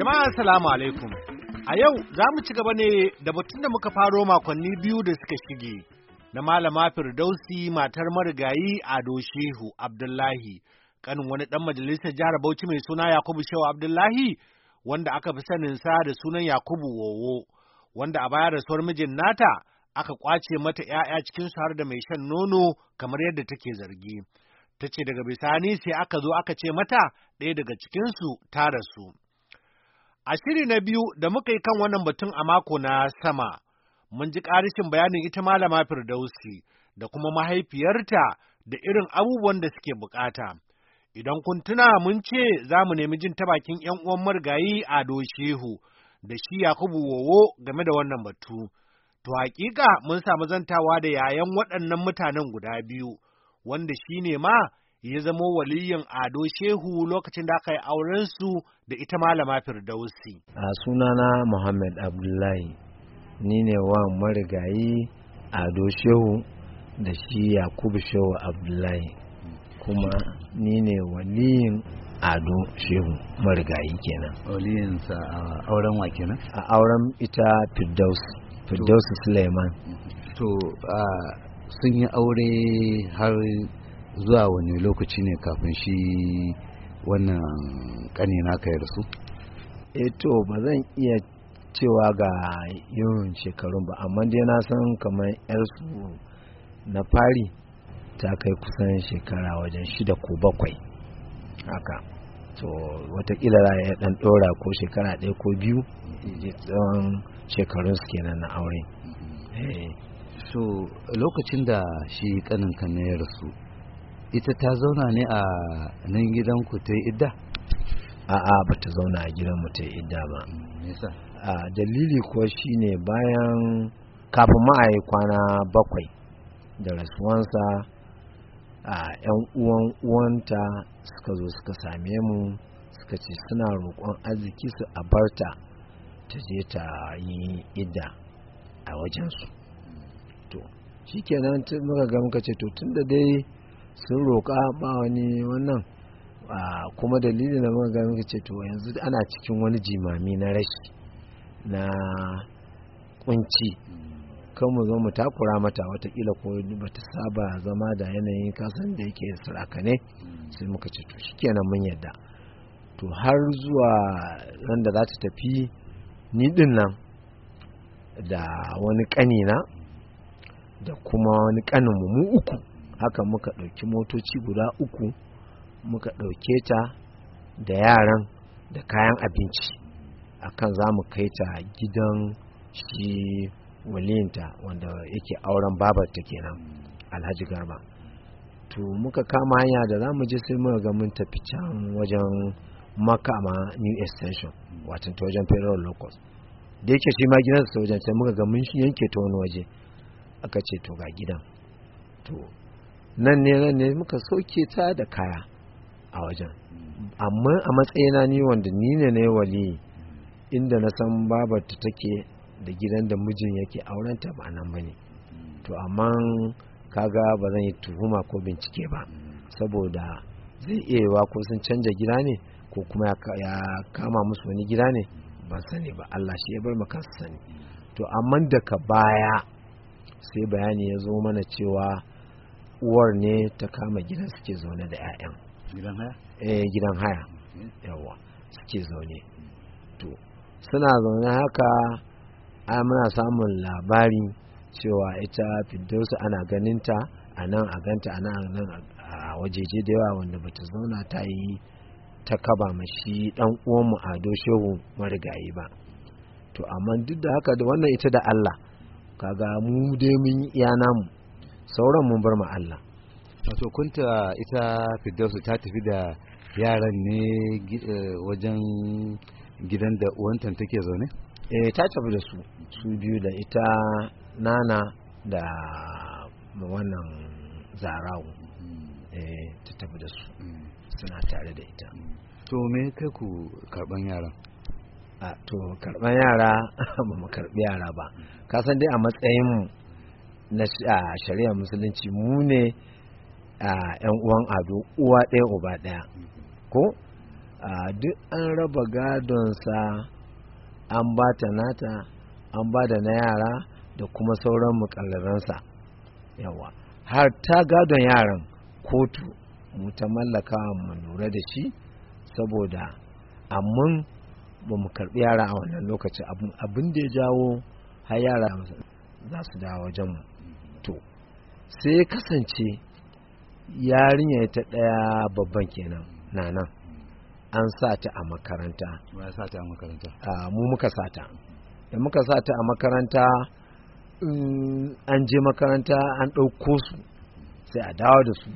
Jama'a salamu alaikum. A yau za mu ci gaba ne da batun da muka faro makonni biyu da suka shige na malama Firdausi matar marigayi Ado Shehu Abdullahi kanin wani ɗan majalisar jihar Bauchi mai suna Yakubu Shehu Abdullahi wanda aka fi sanin sa da sunan Yakubu Wowo wanda a baya rasuwar mijin nata aka kwace mata ‘ya'ya cikin har da mai shan nono kamar yadda take zargi. Ta ce daga bisani sai aka zo aka ce mata ɗaya daga cikinsu ta rasu. A shiri na biyu da muka yi kan wannan batun a mako na sama, mun ji ƙarishin bayanin ita malama Firdausi da kuma mahaifiyarta da irin abubuwan da suke bukata. Idan kun tuna mun ce za mu nemi jin ta bakin ‘yan uwan marigayi Ado Shehu da shi Yakubu Wowo game da wannan batu. To hakika mun samu zantawa da yayan waɗannan mutanen guda biyu, wanda shi ne ma ya zamo waliyin ado shehu lokacin da aka yi aurensu da ita malama firdausi a sunana muhammad abdullahi ni ne wa marigayi ado shehu da shi yakubu shehu abdullahi kuma ni ne waliyin ado shehu marigayi kenan waliyinsa a auren wa kenan a auren ita firdausi firdausi suleiman to sun yi aure har zuwa wani lokaci ne kafin shi wannan kani naka ya rasu eh to ba zan iya cewa ga yawan shekarun ba amma dai na san kamar yarsu na fari ta kai kusan shekara wajen shida ko bakwai haka to watakila za ya dan dora ko shekara ɗaya ko biyu don mm-hmm. shekarun su kenan na aure mm-hmm. eh. so lokacin da shi kanin kan ya rasu ita ta zauna ne a nan gidanku ta yi idda a'a ba ta zauna a gidanmu ta yi idda ba mm, a dalili kuwa shine bayan kafin ma'ayi kwana bakwai da rasuwansa a yan uwan uwanta suka zo suka same mu suka ce suna roƙon arziki su a barta ta je ta yi idda a wajensu mm. to shikenan muka ga muka ce to tun da dai sun roƙa ba wani wannan kuma dalilin da muka muka ce to yanzu ana cikin wani jimami na rashi na kunci kan mu zo mu takura mata watakila ko ba ta saba zama da yanayin kasan da yake ne sai muka ce to shikenan mun yadda to har zuwa nan da za ta tafi ni din nan da wani kanina da kuma wani kaninmu mu uku haka muka ɗauki motoci guda uku muka ɗauke ta da yaran da kayan abinci akan za mu kai ta gidan shi walinta wanda yake auren babarta kenan alhaji garba to muka kama hanya da za mu je sai muka ga mun tafi can wajen makama new extension watan ta wajen federal locus da yake shi ma gidansa ta wajen sai muka ga mun yanke ta wani waje aka ce to ga gidan to nan ne nan ne muka sauke ta da kaya a wajen amma a matsayina ni wanda ni ne na wali inda na san babar ta take da gidan da mijin yake auren ta ba nan bane to amma kaga ba zan yi tuhuma ko bincike ba saboda zai iya yiwa ko sun canja gida ne ko kuma ya kama musu wani gida ne ban sani ba Allah shi ya bar maka sani to amma daga baya sai bayani ya zo mana cewa uwar ne ta kama gidan suke zaune da 'ya'yan gidan haya eh, mm-hmm. yawa suke zaune to suna zaune haka a muna samun labari cewa ita fiddausu ana ganinta a nan a ganta a nan a nan a wajeje da yawa wanda bata zauna ta yi ta kaba mashi dan uwanmu ado shehu marigayi ba to amma duk da haka da wannan ita da allah kaga mu dai mun iya namu sauran mun bar ma Allah wato kunta ita Firdausu ta tafi da yaran ne eh, wajen gidan da uwantan take zaune eh ta tafi da su su biyu da ita nana da wannan zarawu eh ta tafi da su suna tare da ita to me kai ku karban yaran a to karban yara ba mu karbi yara ba ka san dai a matsayin na shari'ar musulunci mu ne yan uwan ado uwa ɗaya uba ɗaya ko duk an raba gadonsa an ba ta nata an ba da na yara da kuma sauran mukallaransa yawa har ta gadon yaran kotu mu ta mallaka mu lura da shi saboda amma ba mu karbi yara a wannan lokaci abin da ya jawo har yara za su dawo wajenmu sai ya kasance yarinya ta ɗaya babban kenan na nan an sa ta a makaranta a mu muka sa ta da muka sa ta a makaranta an je makaranta an ɗauko su sai a dawo da su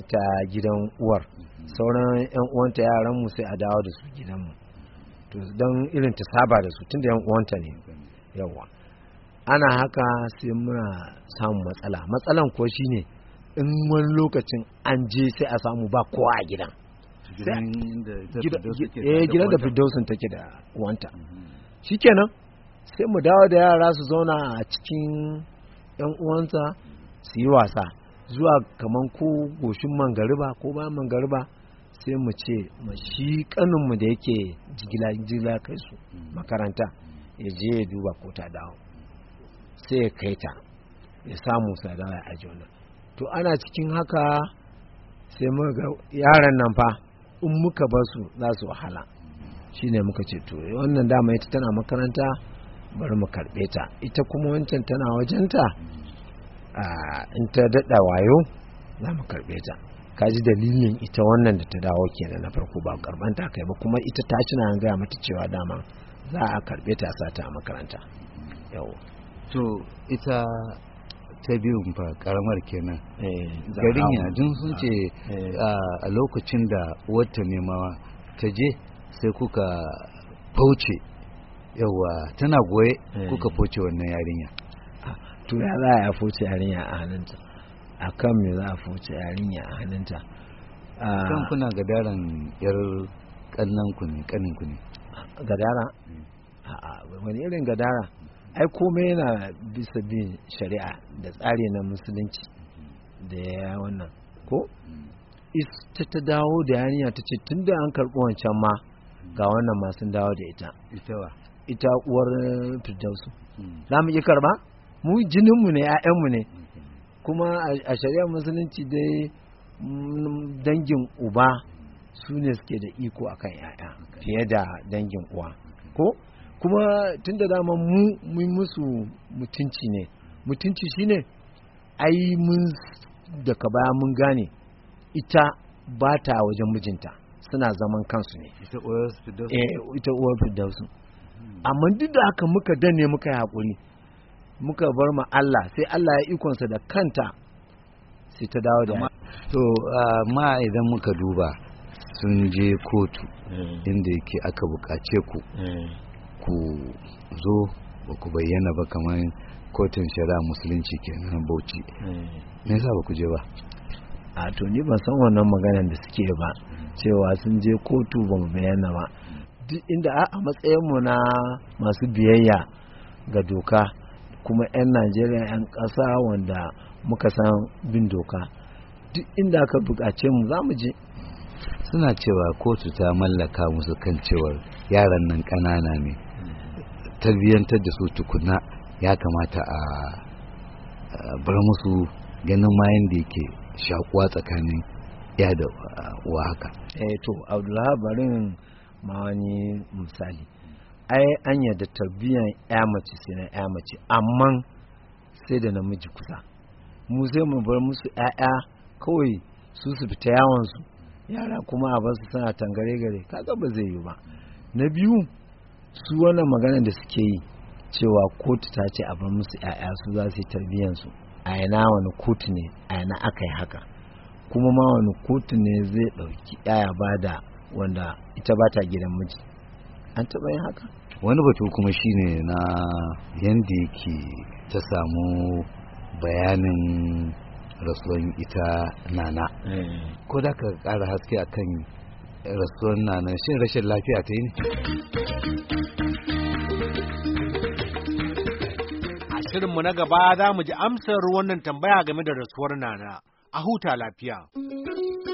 ita gidan uwar sauran yan uwanta yaran mu sai a dawo da su gidanmu don irin ta saba da su tun da yan uwanta ne yawa ana haka sai muna samu matsala matsalan ko shine in wani lokacin an je sai a samu ba kowa a gidan gidan da fidausin eh, take da wanta mm-hmm. shikenan sai mu dawo da yara su zauna a cikin yan uwansa su yi wasa zuwa kamar ko goshin mangariba ko ba mangariba sai mu ce shi kaninmu da yake jigila kai su mm. makaranta ya je ya duba ko ta dawo sai ya kai ta ya samu sadara a jona to ana cikin haka sai muka yaran nan fa in muka bar su za su wahala shine muka ce to eh, wannan dama ita tana makaranta bari mu karbe ta ita kuma wancan tana wajenta in ta daɗa wayo za mu karbe ta kaji dalilin ita wannan da ta dawo kenan na farko ba karban ta kai ba kuma ita ta cina an gaya mata cewa dama za a karbe ta sata a makaranta yau to ita ta biyun fa karamar kenan eh, garin yajin sun ce eh. a lokacin da wata nemawa ta je sai kuka fauce yawa tana goye eh. kuka fauce wannan yarinya ah, to ya za a fauce yarinya a hannunta a kan me za a fauce yarinya a hannunta kan kuna gadaran yar kannan ku ne kanin ku ne gadara mm. wani irin gadara ai komai yana bisa bin shari'a da tsari na musulunci da ya wannan ko ita ta dawo da yaniya ta ce tun da an karɓi wancan ma ga wannan masu dawo da ita ita uwar firdausu hmm. za mu iya karɓa mu jininmu ne 'ya'yanmu ne kuma a shari'ar musulunci dai mm, dangin uba su ne suke da iko akan 'ya'ya fiye da dangin uwa ko kuma tun da dama mu mun musu mutunci ne mutunci shine ai mun daga baya mun gane ita ba ta wajen mijinta suna zaman kansu ne ita uwar fidausu eh, amma duk da haka muka danne muka yi hakuri muka bar ma Allah sai Allah ya ikonsa da kanta sai ta dawo da to ma idan muka duba sun je kotu eh. inda yake aka buƙace ku eh. ku zo ba ku bayyana ba kamar kotun shari'a musulunci kenan bauchi eh. me yasa ba ku je ba a to ni ban san wannan maganar da suke ba hmm. cewa sun je kotu ba mu bayyana ba duk inda a matsayin mu na masu biyayya ga doka kuma 'yan najeriya 'yan ƙasa wanda muka san bin doka duk inda aka buƙace mu za mu je suna cewa kotu ta mallaka musu kan cewar yaran nan ƙanana ne tarbiyyantar da su tukuna ya kamata a bar musu ganin mayan da yake shakuwa tsakanin ya da uwa haka eh to abdullahi barin ma misali ai an yadda tarbiyyar ya mace sai na ya mace amma sai da namiji kusa mu sai mu bar musu 'ya'ya kawai su su fita yawon su yara kuma a basu suna tangare gare kaga ba zai yi ba na biyu su wannan magana da suke yi cewa kotu ta ce bar musu 'ya'ya su za su yi tarbiyyansu a yana wani kotu ne a yana aka yi haka kuma ma wani kotu ne zai ɗauki 'ya'ya ba da wanda ita ba ta gidan miji an taɓa yin haka wani batu kuma shine na yadda yake ta samu bayanin rasuwan ita nana eh. ko da ka ƙara haske akan rasuwan nanan shin rashin lafiya ta yi ne a shirinmu na gaba za mu ji amsar wannan tambaya game da rasuwar nana a huta lafiya